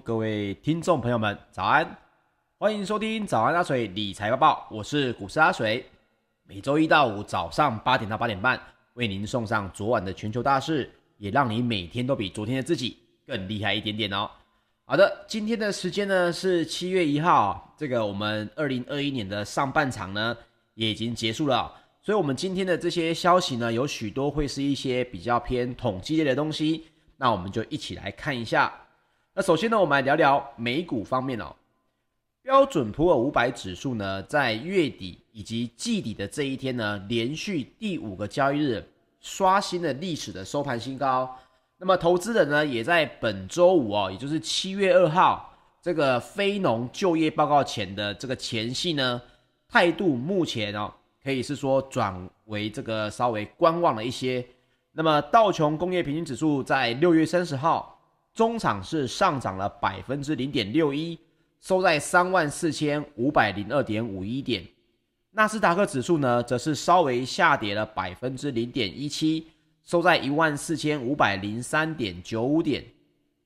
各位聽眾朋友們，早安！歡迎收聽早安阿水理財報報，我是股市阿水。每周一到五早上八點到八點半，為您送上昨晚的全球大事，也讓你每天都比昨天的自己更厲害一點點哦。好的，今天的時間呢是七月一號，這個我們二零二一年的上半場呢也已經結束了，所以，我們今天的這些消息呢，有許多會是一些比較偏統計類的東西，那我們就一起來看一下。那首先呢，我們來聊聊美股方面哦。標準普爾五百指數呢，在月底以及季底的這一天呢，連續第五個交易日刷新了歷史的收盤新高。那麼，投資人呢，也在本週五啊、哦，也就是七月二號這個非農就業報告前的這個前夕呢，態度目前哦，可以是說轉為這個稍微觀望了一些。那麼，道瓊工業平均指數在六月三十號。中場是上漲了百分之零點六一，收在三萬四千五百零二點五一點。納斯達克指數呢，則是稍微下跌了百分之零點一七，收在一萬四千五百零三點九五點。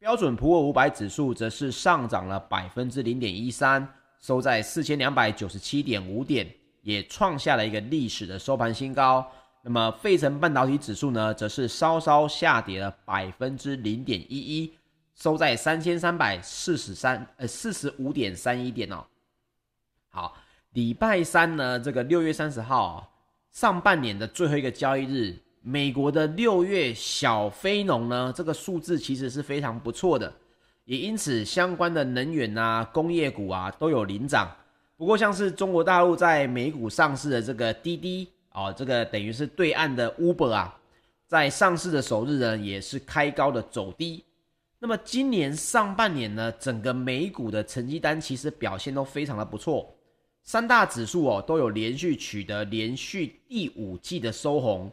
標準普爾五百指數則是上漲了百分之零點一三，收在四千兩百九十七點五點，也創下了一個歷史的收盤新高。那麼費城半導體指數呢，則是稍稍下跌了百分之零點一一，收在三千三百四十三呃四十五點三一點哦。好，禮拜三呢，這個六月三十號，啊，上半年的最後一個交易日，美國的六月小非農呢，這個數字其實是非常不錯的，也因此相關的能源啊、工業股啊都有領漲。不過像是中國大陸在美股上市的這個滴滴。哦，這個等於是對岸的 Uber 啊，在上市的首日呢，也是開高的走低。那麼今年上半年呢，整個美股的成績單其實表現都非常的不錯，三大指數哦都有連續取得連續第五季的收紅。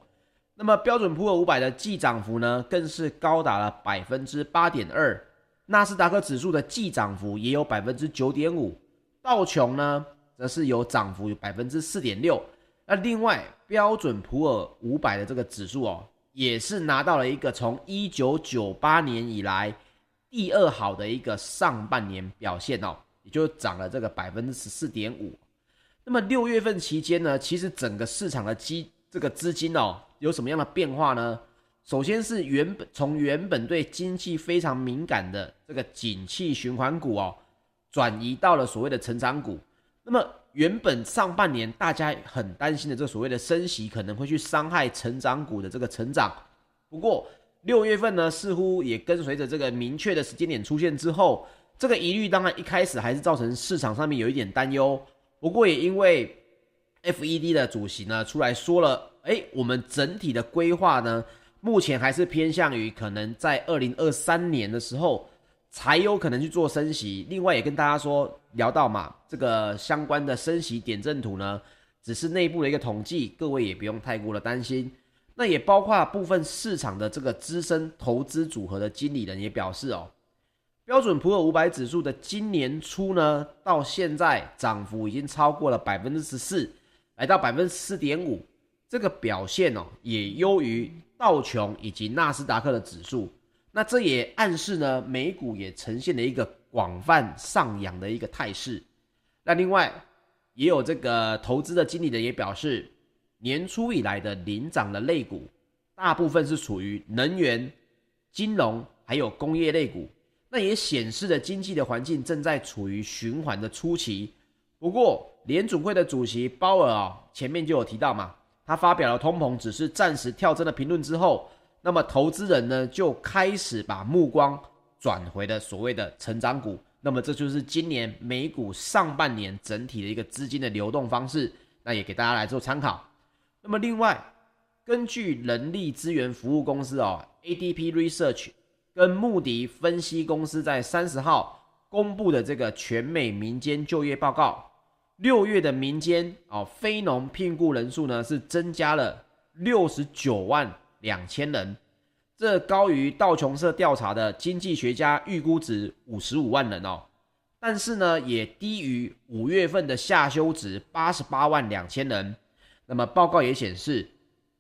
那麼標準普爾五百的季漲幅呢，更是高達了百分之八點二，納斯達克指數的季漲幅也有百分之九點五，道瓊呢則是有漲幅有百分之四點六。那另外，標準普爾五百的這個指數哦，也是拿到了一個從一九九八年以來第二好的一個上半年表現哦，也就漲了這個百分之十四點五。那麼六月份期間呢，其實整個市場的基這個資金哦，有什麼樣的變化呢？首先是原本從原本對經濟非常敏感的這個景氣循環股哦，轉移到了所謂的成長股。那麼原本上半年大家很擔心的這所謂的升息可能會去傷害成長股的這個成長，不過六月份呢，似乎也跟隨着這個明確的時間點出現之後，這個疑慮當然一開始還是造成市場上面有一點擔憂，不過也因為 FED 的主席呢出來說了，誒，我們整體的規劃呢，目前還是偏向於可能在二零二三年的時候。才有可能去做升息。另外也跟大家說，聊到嘛，這個相關的升息點陣圖呢，只是內部的一個統計，各位也不用太過的擔心。那也包括部分市場的這個資深投資組合的經理人也表示哦，標準普爾五百指數的今年初呢，到現在漲幅已經超過了百分之十四，來到百分之四點五，這個表現哦，也優於道瓊以及納斯達克的指數。那這也暗示呢，美股也呈現了一個廣泛上揚的一個態勢。那另外，也有這個投資的經理人也表示，年初以來的領漲的類股，大部分是處於能源、金融還有工業類股。那也顯示了經濟的環境正在處於循環的初期。不過，聯準會的主席鮑爾啊、哦，前面就有提到嘛，他發表了通膨只是暫時跳增的評論之後。那麼，投資人呢就開始把目光轉回了所謂的成長股。那麼，這就是今年美股上半年整體的一個資金的流動方式。那也給大家來做參考。那麼，另外，根據人力資源服務公司啊 ADP Research 跟穆迪分析公司在三十號公布的這個全美民間就業報告，六月的民間哦，非農聘雇人數呢是增加了六十九萬。兩千人，這高於道瓊社調查的經濟學家預估值五十五萬人哦，但是呢，也低於五月份的下修值八十八萬兩千人。那麼報告也顯示，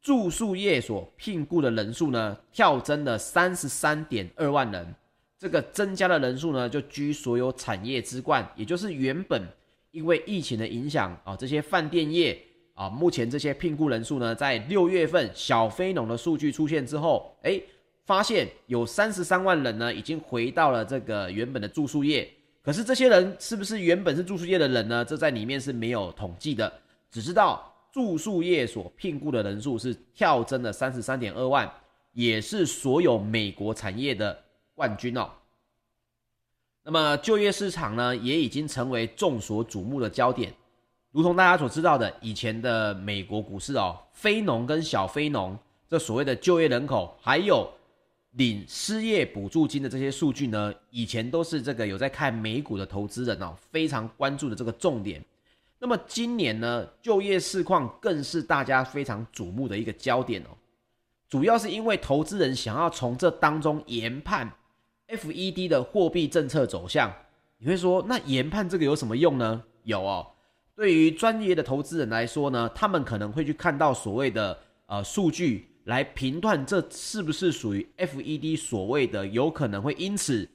住宿業所聘僱的人數呢，跳增了三十三點二萬人，這個增加的人數呢，就居所有產業之冠，也就是原本因為疫情的影響啊、哦，這些飯店業。啊，目前這些聘雇人數呢，在六月份小非農的數據出現之後，哎，發現有三十三萬人呢，已經回到了這個原本的住宿業。可是這些人是不是原本是住宿業的人呢？這在裡面是沒有統計的，只知道住宿業所聘雇的人數是跳增了三十三點二萬，也是所有美國產業的冠軍哦。那麼就業市場呢，也已經成為眾所矚目的焦點。如同大家所知道的，以前的美國股市哦，非農跟小非農這所謂的就業人口，還有領失業補助金的這些數據呢，以前都是這個有在看美股的投資人哦，非常關注的這個重點。那麼今年呢，就業市況更是大家非常矚目的一個焦點哦，主要是因為投資人想要從這當中研判 FED 的貨幣政策走向。你會說，那研判這個有什麼用呢？有哦。對於專業的投資人來說呢，他們可能會去看到所謂的呃數據來評斷這是不是屬於 FED 所謂的有可能會因此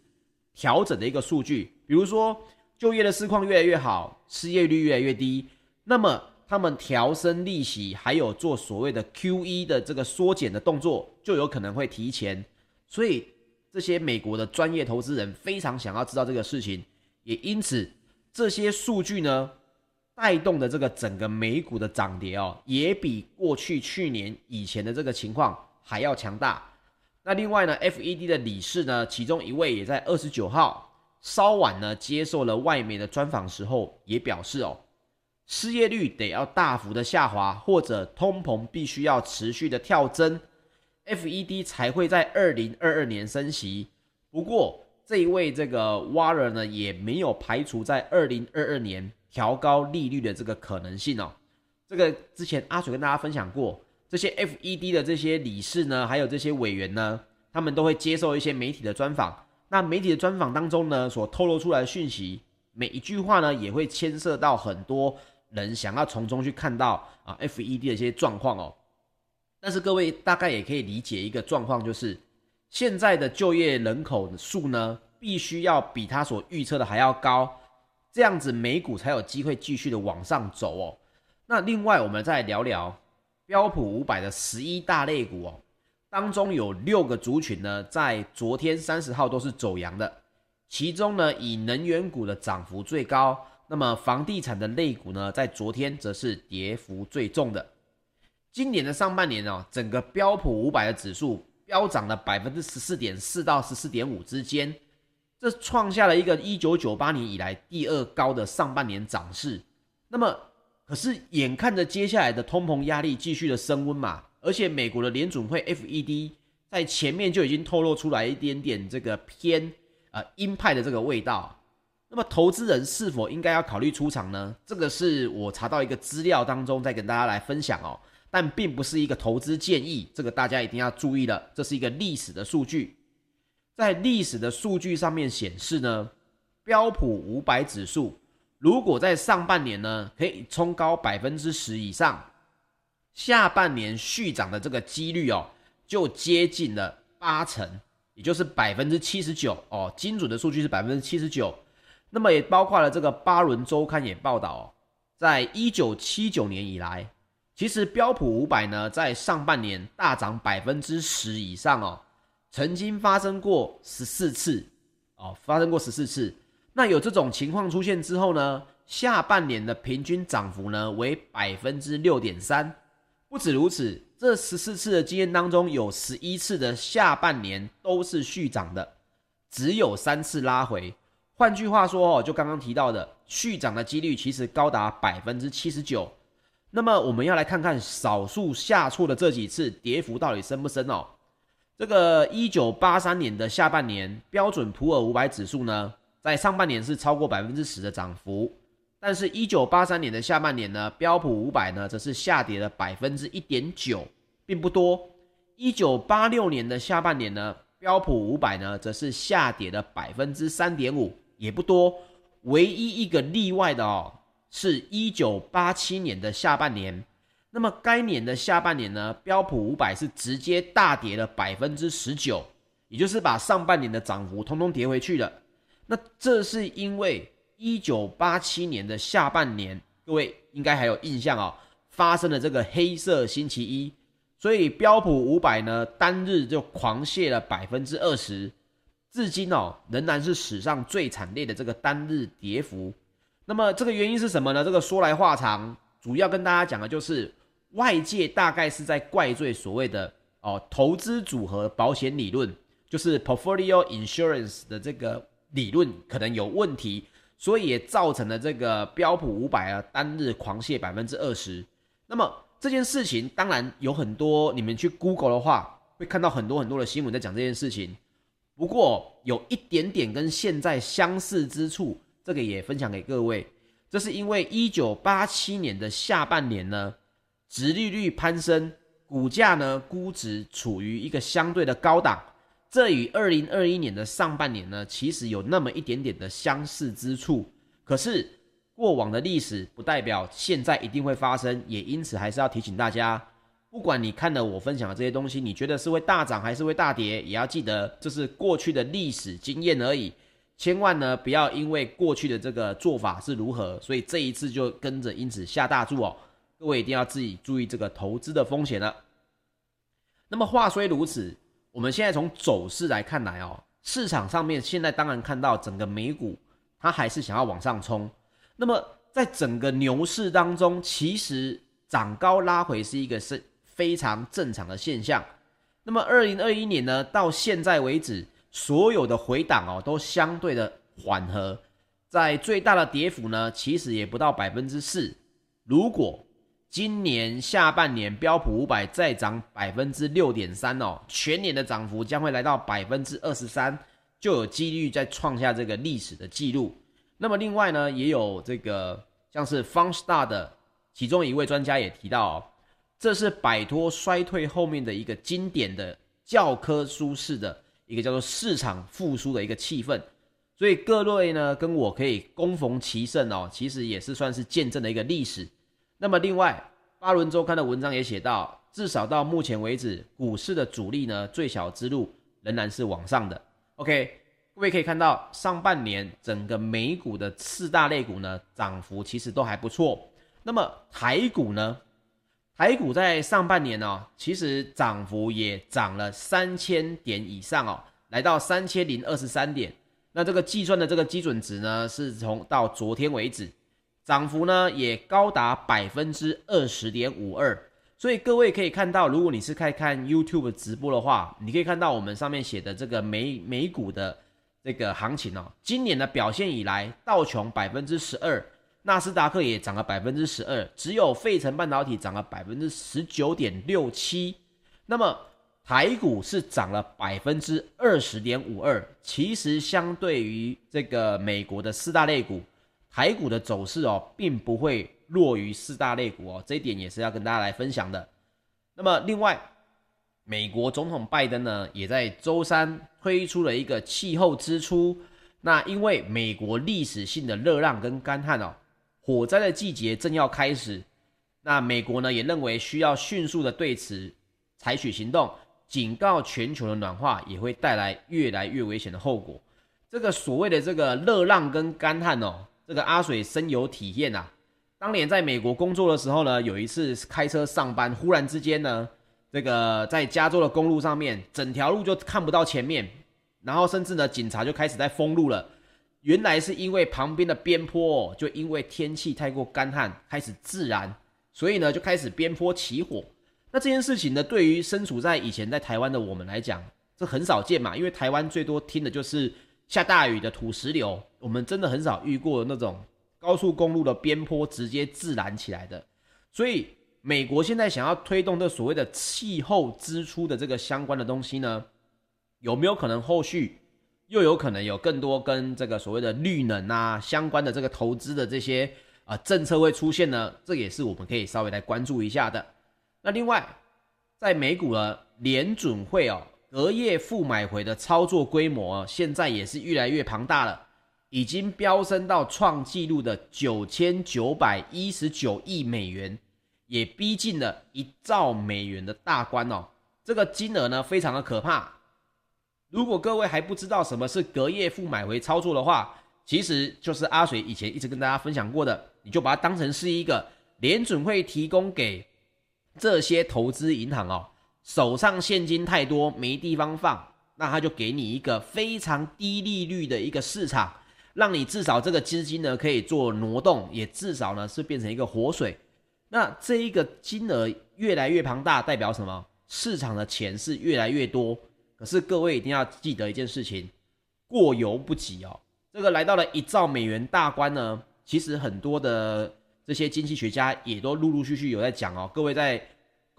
調整的一個數據，比如說就業的市況越來越好，失業率越來越低，那麼他們調升利息還有做所謂的 QE 的這個縮減的動作就有可能會提前，所以這些美國的專業投資人非常想要知道這個事情，也因此這些數據呢。帶動的這個整個美股的漲跌哦，也比過去去年以前的這個情況還要強大。那另外呢，F E D 的理事呢，其中一位也在二十九號稍晚呢接受了外媒的專訪時候，也表示哦，失業率得要大幅的下滑，或者通膨必須要持續的跳增，F E D 才會在二零二二年升息。不過這一位這個 Warner 呢，也沒有排除在二零二二年，調高利率的這個可能性哦，這個之前阿水跟大家分享過，這些 FED 的這些理事呢，還有這些委員呢，他們都會接受一些媒體的專訪。那媒體的專訪當中呢，所透露出來的訊息，每一句話呢，也會牽涉到很多人想要從中去看到啊 FED 的一些狀況哦。但是各位大概也可以理解一個狀況，就是現在的就業人口數呢，必須要比他所預測的還要高。這樣子美股才有機會繼續的往上走哦。那另外我們再聊聊標普五百的十一大類股哦，當中有六個族群呢，在昨天三十號都是走陽的。其中呢，以能源股的漲幅最高，那麼房地產的類股呢，在昨天則是跌幅最重的。今年的上半年哦，整個標普五百的指數飆漲了百分之十四點四到十四點五之間。這創下了一個一九九八年以來第二高的上半年漲勢，那麼可是眼看着接下來的通膨壓力繼續的升溫嘛，而且美國的聯準會 FED 在前面就已經透露出來一點點這個偏，呃，鷹派的這個味道，那麼投資人是否應該要考慮出場呢？這個是我查到一個資料當中再跟大家來分享哦，但並不是一個投資建議，這個大家一定要注意了，這是一個歷史的數據。在歷史的數據上面顯示呢，標普五百指數如果在上半年呢可以衝高百分之十以上，下半年續漲的這個幾率哦就接近了八成，也就是百分之七十九哦，精準的數據是百分之七十九。那麼也包括了這個《巴倫周刊》也報道哦，在一九七九年以來，其實標普五百呢在上半年大漲百分之十以上哦。曾經發生過十四次，哦，發生過十四次。那有這種情況出現之後呢，下半年的平均漲幅呢為百分之六點三。不止如此，這十四次的經驗當中，有十一次的下半年都是續漲的，只有三次拉回。換句話說，哦，就剛剛提到的續漲的幾率其實高達百分之七十九。那麼我們要來看看少數下挫的這幾次跌幅到底深不深哦？這個一九八三年的下半年，標準普爾五百指數呢，在上半年是超過百分之十的漲幅，但是，一九八三年的下半年呢，標普五百呢，則是下跌了百分之一點九，並不多。一九八六年的下半年呢，標普五百呢，則是下跌了百分之三點五，也不多。唯一一個例外的哦，是一九八七年的下半年。那麼該年的下半年呢，標普五百是直接大跌了百分之十九，也就是把上半年的漲幅通通跌回去了。那這是因為一九八七年的下半年，各位應該還有印象哦，發生了這個黑色星期一，所以標普五百呢，單日就狂瀉了百分之二十，至今哦仍然是史上最慘烈的這個單日跌幅。那麼這個原因是什麼呢？這個說來話長，主要跟大家講的就是。外界大概是在怪罪所謂的哦投資組合保險理論，就是 portfolio insurance 的這個理論可能有問題，所以也造成了這個標普五百啊單日狂瀉百分之二十。那麼這件事情當然有很多，你們去 Google 的話會看到很多很多的新聞在講這件事情。不過有一點點跟現在相似之處，這個也分享給各位，這是因為一九八七年的下半年呢。殖利率攀升，股價呢估值處於一個相對的高檔，這與二零二一年的上半年呢其實有那麼一點點的相似之處。可是過往的歷史不代表現在一定會發生，也因此還是要提醒大家，不管你看了我分享的這些東西，你覺得是會大漲還是會大跌，也要記得這是過去的歷史經驗而已，千萬呢不要因為過去的這個做法是如何，所以這一次就跟着因此下大注哦。各位一定要自己注意這個投資的風險了。那麼話雖如此，我們現在從走勢來看來哦，市場上面現在當然看到整個美股它還是想要往上衝。那麼在整個牛市當中，其實漲高拉回是一個是非常正常的現象。那麼二零二一年呢，到現在為止，所有的回檔哦都相對的緩和，在最大的跌幅呢，其實也不到百分之四。如果今年下半年標普五百再漲百分之六點三哦，全年的漲幅將會來到百分之二十三，就有幾率再創下這個歷史的記錄。那麼另外呢，也有這個像是 Fundstrat 的其中一位專家也提到，這是擺脫衰退後面的一個經典的教科書式的一個叫做市場復甦的一個氣氛。所以各位呢，跟我可以恭逢其盛哦，其實也是算是見證了一個歷史。那麼，另外，《巴倫週刊》的文章也寫到，至少到目前為止，股市的主力呢，最小之路仍然是往上的。OK，各位可以看到，上半年整個美股的四大類股呢，漲幅其實都還不錯。那麼，台股呢？台股在上半年呢、哦，其實漲幅也漲了三千點以上哦，來到三千零二十三點。那這個計算的這個基準值呢，是從到昨天為止。漲幅呢也高達百分之二十點五二，所以各位可以看到，如果你是看看 YouTube 直播的話，你可以看到我們上面寫的這個美美股的這個行情哦。今年的表現以來，道瓊百分之十二，納斯達克也漲了百分之十二，只有費城半導體漲了百分之十九點六七。那麼台股是漲了百分之二十點五二，其實相對於這個美國的四大類股。台股的走勢哦，並不會弱於四大類股哦，這一點也是要跟大家來分享的。那麼，另外，美國總統拜登呢，也在周三推出了一個氣候支出。那因為美國歷史性的熱浪跟乾旱哦，火災的季節正要開始，那美國呢也認為需要迅速的對此採取行動，警告全球的暖化也會帶來越來越危險的後果。這個所謂的這個熱浪跟乾旱哦。這個阿水深有體驗啊！當年在美國工作的時候呢，有一次開車上班，忽然之間呢，這個在加州的公路上面，整條路就看不到前面，然後甚至呢，警察就開始在封路了。原來是因為旁邊的邊坡哦，就因為天氣太過乾旱，開始自燃，所以呢，就開始邊坡起火。那這件事情呢，對於身處在以前在台灣的我們來講，這很少見嘛，因為台灣最多聽的就是。下大雨的土石流，我們真的很少遇過那種高速公路的邊坡直接自燃起來的。所以，美國現在想要推動的所謂的氣候支出的這個相關的東西呢，有沒有可能後續又有可能有更多跟這個所謂的綠能啊相關的這個投資的這些啊、呃、政策會出現呢？這也是我們可以稍微來關注一下的。那另外，在美股的聯準會哦。隔夜附買回的操作規模啊，現在也是越來越龐大了，已經飆升到創紀錄的九千九百一十九億美元，也逼近了一兆美元的大關哦。這個金額呢，非常的可怕。如果各位還不知道什麼是隔夜附買回操作的話，其實就是阿水以前一直跟大家分享過的，你就把它當成是一個聯準會提供給這些投資銀行哦。手上現金太多，沒地方放，那他就給你一個非常低利率的一個市場，讓你至少這個資金呢可以做挪動，也至少呢是變成一個活水。那這一個金額越來越龐大，代表什麼？市場的錢是越來越多。可是各位一定要記得一件事情，過猶不及哦。這個來到了一兆美元大關呢，其實很多的這些經濟學家也都陸陸續續有在講哦，各位在。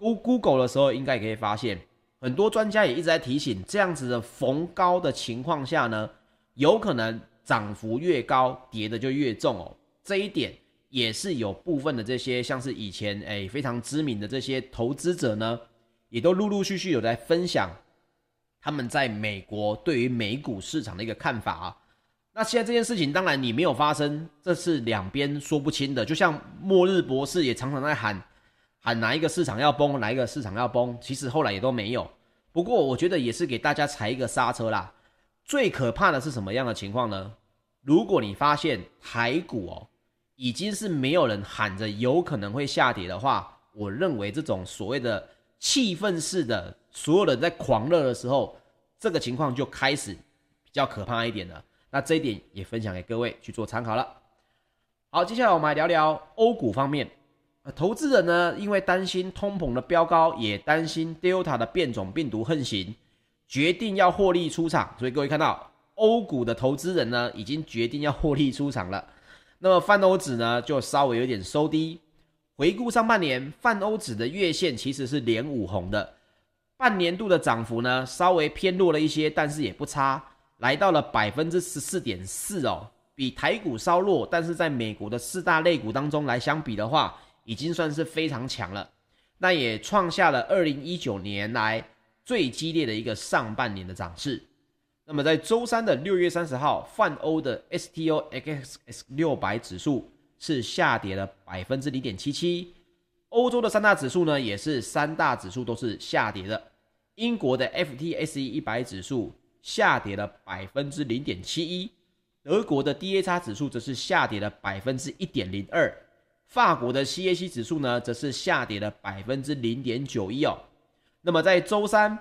搜 Google 的時候，應該可以發現，很多專家也一直在提醒，這樣子的逢高的情況下呢，有可能漲幅越高，跌的就越重哦。這一點也是有部分的這些像是以前誒、哎、非常知名的這些投資者呢，也都陸陸續續有在分享他們在美國對於美股市場的一個看法啊。那現在這件事情當然你沒有發生，這是兩邊說不清的。就像末日博士也常常在喊。喊、啊、哪一個市場要崩，哪一個市場要崩，其實後來也都沒有。不過我覺得也是給大家踩一個剎車啦。最可怕的是什麼樣的情況呢？如果你發現台股哦，已經是沒有人喊着有可能會下跌的話，我認為這種所謂的氣氛式的，所有人在狂熱的時候，這個情況就開始比較可怕一點了。那這一點也分享給各位去做參考了。好，接下來我們來聊聊歐股方面。投資人呢，因為擔心通膨的飆高，也擔心 Delta 的變種病毒橫行，決定要獲利出場。所以各位看到，歐股的投資人呢，已經決定要獲利出場了。那麼泛歐指呢，就稍微有點收低。回顧上半年，泛歐指的月線其實是連五紅的，半年度的漲幅呢，稍微偏弱了一些，但是也不差，來到了百分之十四點四哦，比台股稍弱，但是在美國的四大類股當中來相比的話，已經算是非常強了，那也創下了二零一九年來最激烈的一個上半年的漲勢。那麼在周三的六月三十號，泛歐的 STOXX 六百指數是下跌了百分之零點七七。歐洲的三大指數呢，也是三大指數都是下跌的。英國的 FTSE 一百指數下跌了百分之零點七一，德國的 DAX 指數則是下跌了百分之一點零二。法國的 CAC 指數呢，則是下跌了百分之零點九一哦。那麼在周三，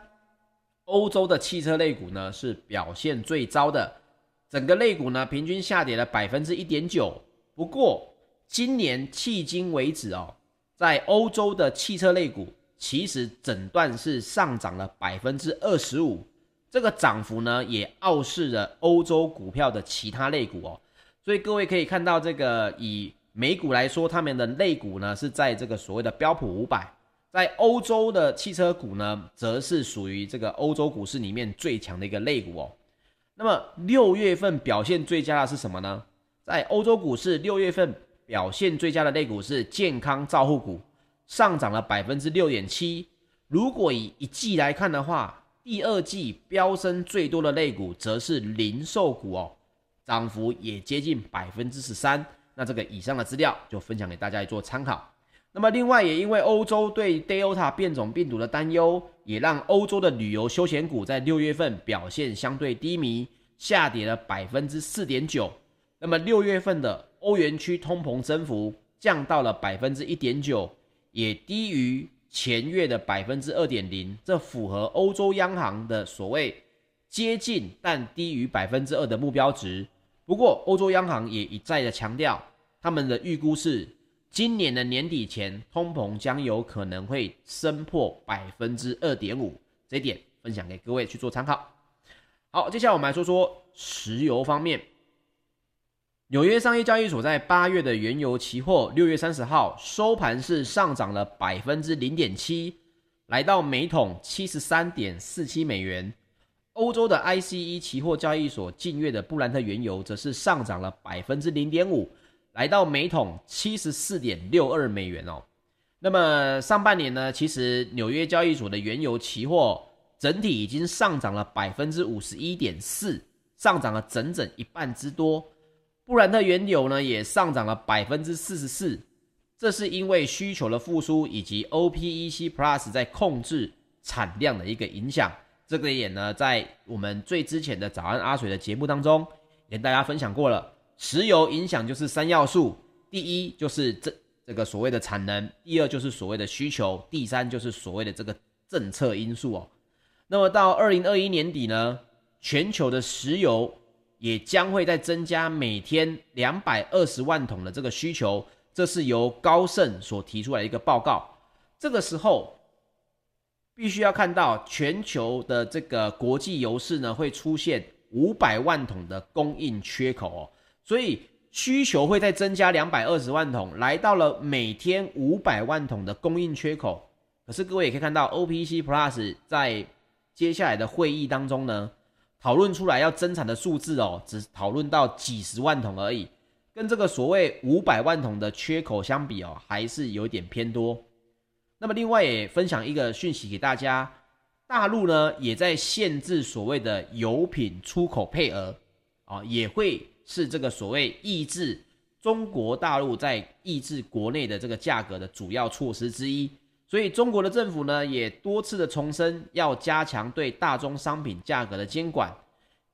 歐洲的汽車類股呢是表現最糟的，整個類股呢平均下跌了百分之一點九。不過，今年迄今為止哦，在歐洲的汽車類股其實整段是上漲了百分之二十五，這個漲幅呢也傲視了歐洲股票的其他類股哦。所以各位可以看到，這個以美股來說，他們的類股呢是在這個所謂的標普五百，在歐洲的汽車股呢，則是屬於這個歐洲股市裡面最強的一個類股哦。那麼六月份表現最佳的是什麼呢？在歐洲股市六月份表現最佳的類股是健康照護股，上漲了百分之六點七。如果以一季來看的話，第二季飆升最多的類股則是零售股哦，漲幅也接近百分之十三。那這個以上的資料就分享給大家做參考。那麼，另外也因為歐洲對 Delta 變種病毒的擔憂，也讓歐洲的旅遊休閒股在六月份表現相對低迷，下跌了百分之四點九。那麼六月份的歐元區通膨增幅降到了百分之一點九，也低於前月的百分之二點零，這符合歐洲央行的所謂接近但低於百分之二的目標值。不過，歐洲央行也一再的強調。他們的預估是，今年的年底前，通膨將有可能會升破百分之二點五。這一點分享給各位去做參考。好，接下來我們來說說石油方面。紐約商業交易所，在八月的原油期貨六月三十號收盤是上漲了百分之零點七，來到每桶七十三點四七美元。歐洲的 ICE 期貨交易所近月的布蘭特原油則是上漲了百分之零點五。來到每桶七十四點六二美元哦。那麼上半年呢，其實紐約交易所的原油期貨整體已經上漲了百分之五十一點四，上漲了整整一半之多。布蘭特原油呢也上漲了百分之四十四，這是因為需求的復甦以及 OPEC Plus 在控制產量的一個影響。這個也呢，在我們最之前的早安阿水的節目當中，也跟大家分享過了。石油影響就是三要素，第一就是這這個所謂的產能，第二就是所謂的需求，第三就是所謂的這個政策因素哦。那麼到二零二一年底呢，全球的石油也將會再增加每天兩百二十萬桶的這個需求，這是由高盛所提出來的一個報告。這個時候必須要看到全球的這個國際油市呢，會出現五百萬桶的供應缺口哦。所以需求會再增加兩百二十萬桶，來到了每天五百萬桶的供應缺口。可是各位也可以看到，OPC Plus 在接下來的會議當中呢，討論出來要增產的數字哦，只討論到幾十萬桶而已，跟這個所謂五百萬桶的缺口相比哦，還是有點偏多。那麼另外也分享一個訊息給大家，大陸呢也在限制所謂的油品出口配額啊，也會。是這個所謂抑制中國大陸在抑制國內的這個價格的主要措施之一，所以中國的政府呢也多次的重申要加強對大宗商品價格的監管，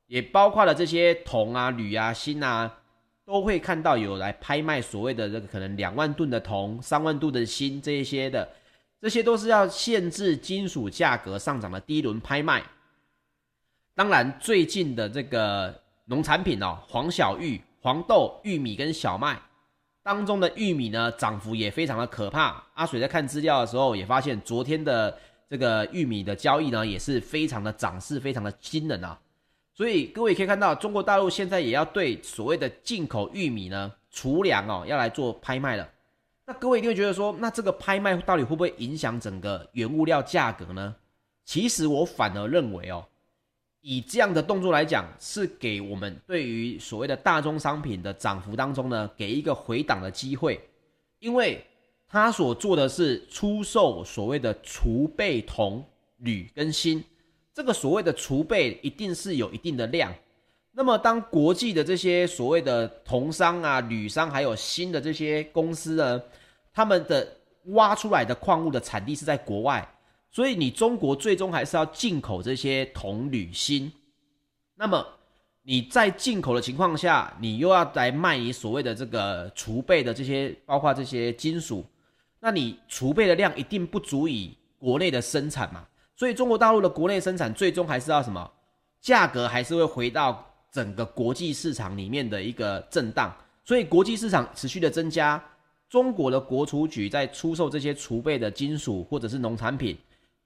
也包括了這些銅啊、鋁啊、鋅啊，都會看到有來拍賣所謂的這個可能兩萬噸的銅、三萬噸的鋅，這一些的，這些都是要限制金屬價格上漲的第一輪拍賣。當然，最近的這個。農產品哦，黃小玉、黃豆、玉米跟小麥當中的玉米呢，漲幅也非常的可怕。阿水在看資料的時候也發現，昨天的這個玉米的交易呢，也是非常的漲勢，非常的驚人啊。所以各位可以看到，中國大陸現在也要對所謂的進口玉米呢，儲糧哦，要來做拍賣了。那各位一定會覺得說，那這個拍賣到底會不會影響整個原物料價格呢？其實我反而認為哦，以這樣的動作來講，是給我們對於所謂的大宗商品的漲幅當中呢，給一個回檔的機會，因為他所做的是出售所謂的儲備銅、鋁跟鋅，這個所謂的儲備一定是有一定的量。那麼，當國際的這些所謂的銅商啊、鋁商還有鋅的這些公司呢，他們的挖出來的礦物的產地是在國外。所以你中國最終還是要進口這些銅、鋁、鋅。那麼你在進口的情況下，你又要來賣你所謂的這個儲備的這些，包括這些金屬。那你儲備的量一定不足以國內的生產嘛？所以中國大陸的國內生產最終還是要什麼？價格還是會回到整個國際市場裡面的一個震盪。所以國際市場持續的增加，中國的國儲局在出售這些儲備的金屬或者是農產品。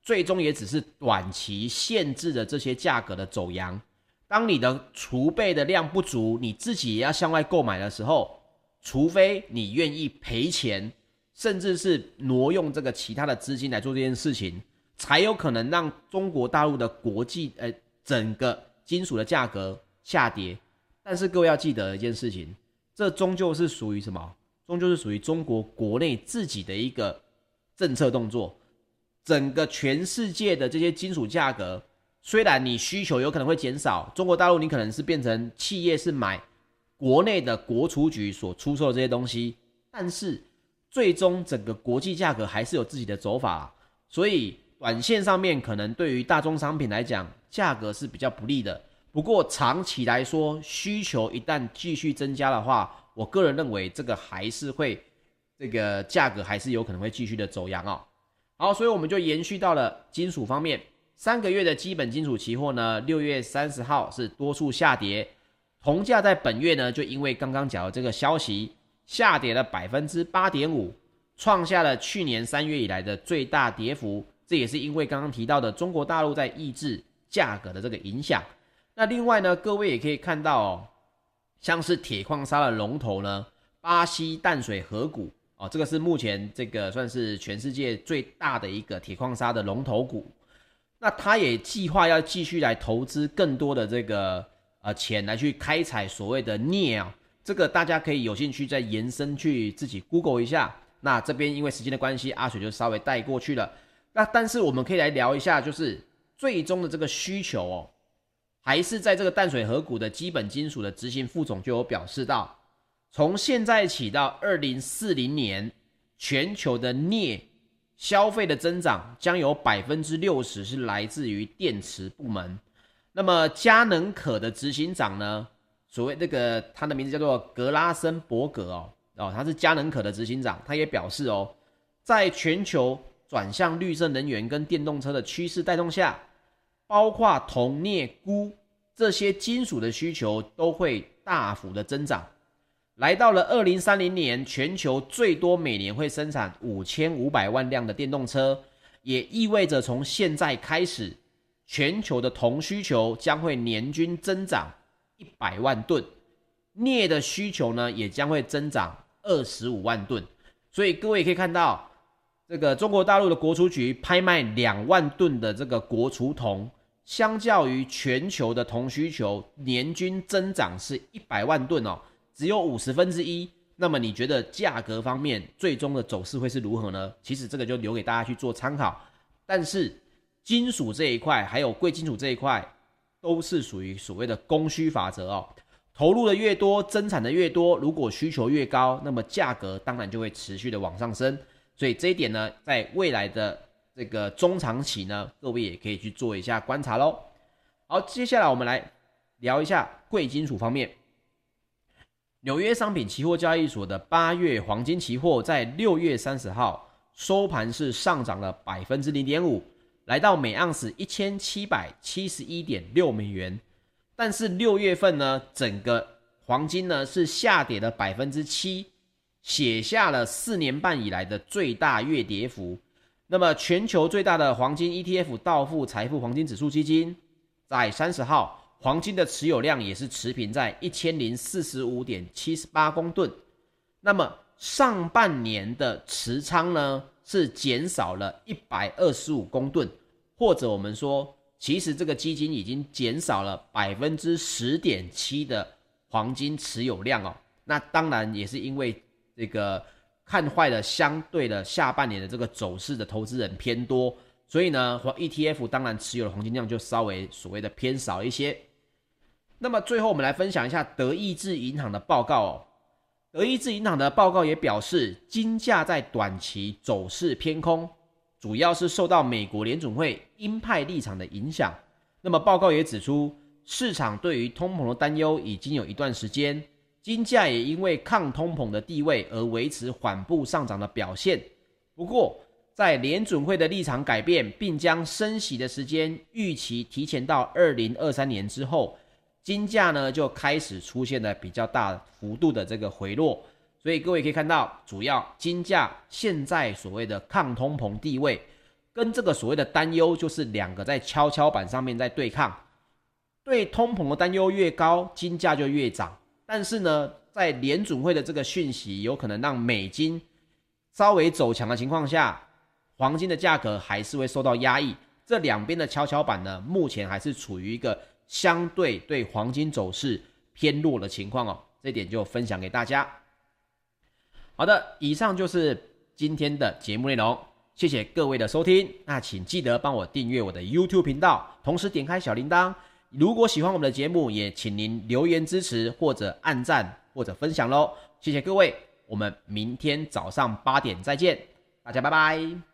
最終也只是短期限制的這些價格的走揚。當你的儲備的量不足，你自己也要向外購買的時候，除非你願意賠錢，甚至是挪用這個其他的資金來做這件事情，才有可能讓中國大陸的國際呃整個金屬的價格下跌。但是各位要記得一件事情，這終究是屬於什麼？終究是屬於中國國內自己的一個政策動作。整個全世界的這些金屬價格，雖然你需求有可能會減少，中國大陸你可能是變成企業是買國內的國儲局所出售的這些東西，但是最終整個國際價格還是有自己的走法啊，所以短線上面可能對於大宗商品來講，價格是比較不利的。不過長期來說，需求一旦繼續增加的話，我個人認為這個還是會這個價格還是有可能會繼續的走揚啊。好，所以我們就延續到了金屬方面，三個月的基本金屬期貨呢，六月三十號是多數下跌，銅價在本月呢就因為剛剛講的這個消息下跌了百分之八點五，創下了去年三月以來的最大跌幅。這也是因為剛剛提到的中國大陸在抑制價格的這個影響。那另外呢，各位也可以看到，哦，像是鐵礦砂的龍頭呢，巴西淡水河谷。哦，這個是目前這個算是全世界最大的一個鐵礦砂的龍頭股，那他也計劃要繼續來投資更多的這個呃錢來去開採所謂的鎳啊，這個大家可以有興趣再延伸去自己 Google 一下。那這邊因為時間的關係，阿水就稍微帶過去了。那但是我們可以來聊一下，就是最終的這個需求哦，還是在這個淡水河谷的基本金屬的執行副總就有表示到。從現在起到二零四零年，全球的鎳消費的增長將有百分之六十是來自於電池部門。那麼嘉能可的執行長呢，所謂這個，他的名字叫做格拉森伯格哦，哦，他是嘉能可的執行長，他也表示哦，在全球轉向綠色能源跟電動車的趨勢帶動下，包括銅、鎳、鈷這些金屬的需求都會大幅的增長。來到了二零三零年，全球最多每年會生產五千五百萬輛的電動車，也意味着從現在開始，全球的銅需求將會年均增長一百萬噸，鎳的需求呢也將會增長二十五萬噸。所以各位可以看到，這個中國大陸的國儲局拍賣兩萬噸的這個國儲銅，相較於全球的銅需求年均增長是一百萬噸哦。只有五十分之一，那麼你覺得價格方面最終的走勢會是如何呢？其實這個就留給大家去做參考。但是金屬這一塊，還有貴金屬這一塊，都是屬於所謂的供需法則哦。投入的越多，增產的越多，如果需求越高，那麼價格當然就會持續的往上升。所以這一點呢，在未來的這個中長期呢，各位也可以去做一下觀察嘍。好，接下來我們來聊一下貴金屬方面。紐約商品期貨交易所的八月黃金期貨在六月三十號收盤是上漲了百分之零點五，來到每盎司一千七百七十一點六美元。但是六月份呢，整個黃金呢是下跌了百分之七，寫下了四年半以來的最大月跌幅。那麼全球最大的黃金 ETF 道富財富黃金指數基金在三十號。黃金的持有量也是持平在一千零四十五點七十八公噸，那麼上半年的持倉呢是減少了一百二十五公噸，或者我們說，其實這個基金已經減少了百分之十點七的黃金持有量哦。那當然也是因為這個看壞了相對的下半年的這個走勢的投資人偏多，所以呢，和 ETF 當然持有的黃金量就稍微所謂的偏少一些。那麼最後，我們來分享一下德意志銀行的報告哦。德意志銀行的報告也表示，金價在短期走勢偏空，主要是受到美國聯準會鷹派立場的影響。那麼報告也指出，市場對於通膨的擔憂已經有一段時間，金價也因為抗通膨的地位而維持緩步上漲的表現。不過，在聯準會的立場改變，並將升息的時間預期提前到二零二三年之後。金價呢就開始出現了比較大幅度的這個回落，所以各位可以看到，主要金價現在所謂的抗通膨地位跟這個所謂的擔憂就是兩個在蹺蹺板上面在對抗，對通膨的擔憂越高，金價就越漲。但是呢，在聯準會的這個訊息有可能讓美金稍微走強的情況下，黃金的價格還是會受到壓抑。這兩邊的蹺蹺板呢，目前還是處於一個。相對對黃金走勢偏弱的情況哦，這點就分享給大家。好的，以上就是今天的節目內容，謝謝各位的收聽。那請記得幫我訂閱我的 YouTube 頻道，同時點開小鈴鐺。如果喜歡我們的節目，也請您留言支持或者按讚或者分享嘍。謝謝各位，我們明天早上八點再見，大家拜拜。